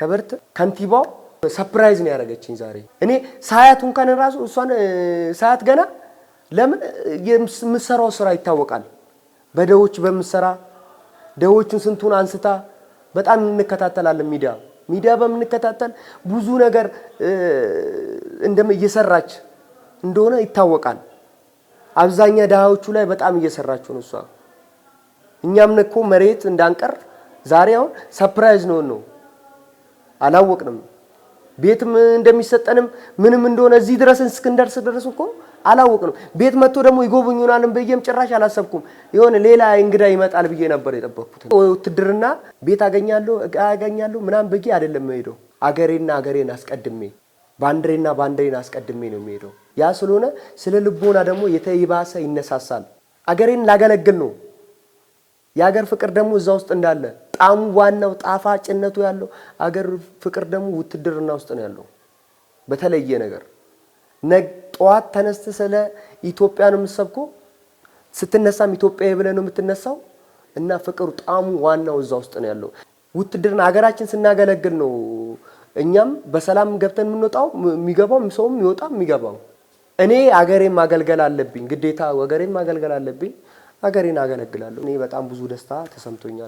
ክብርት ከንቲባው ሰፕራይዝ ነው ያደረገችኝ ዛሬ። እኔ ሳያት እንኳን ራሱ እሷን ሳያት ገና ለምን የምሰራው ስራ ይታወቃል። በደዎች በምሰራ ደዎቹን ስንቱን አንስታ በጣም እንከታተላለን። ሚዲያ ሚዲያ በምንከታተል ብዙ ነገር እንደም እየሰራች እንደሆነ ይታወቃል። አብዛኛ ድሃዎቹ ላይ በጣም እየሰራችሁ ነው እሷ። እኛም እኮ መሬት እንዳንቀር ዛሬ አሁን ሰፕራይዝ ነው ነው አላወቅንም። ቤትም እንደሚሰጠንም ምንም እንደሆነ እዚህ ድረስን እስክንደርስ ድረስ እኮ አላወቅንም። ቤት መጥቶ ደግሞ ይጎበኙናልን ብዬም ጭራሽ አላሰብኩም። የሆነ ሌላ እንግዳ ይመጣል ብዬ ነበር የጠበቅኩት። ውትድርና ቤት አገኛለሁ እቃ አገኛለሁ ምናምን ብዬ አይደለም የምሄደው። አገሬና አገሬን አስቀድሜ ባንድሬና ባንዲሬን አስቀድሜ ነው የሚሄደው። ያ ስለሆነ ስለ ልቦና ደግሞ የተይባሰ ይነሳሳል። አገሬን ላገለግል ነው የአገር ፍቅር ደግሞ እዛ ውስጥ እንዳለ ጣሙ ዋናው ጣፋጭነቱ ያለው አገር ፍቅር ደግሞ ውትድርና ውስጥ ነው ያለው። በተለየ ነገር ጠዋት ተነስተ ስለ ኢትዮጵያ ነው የምትሰብኮ ስትነሳም ኢትዮጵያ ብለህ ነው የምትነሳው። እና ፍቅሩ ጣሙ ዋናው እዛ ውስጥ ነው ያለው። ውትድርና ሀገራችን ስናገለግል ነው እኛም በሰላም ገብተን የምንወጣው የሚገባው ሰውም የሚወጣ የሚገባው። እኔ አገሬን ማገልገል አለብኝ ግዴታ፣ ወገሬን ማገልገል አለብኝ። አገሬን አገለግላለሁ። እኔ በጣም ብዙ ደስታ ተሰምቶኛል።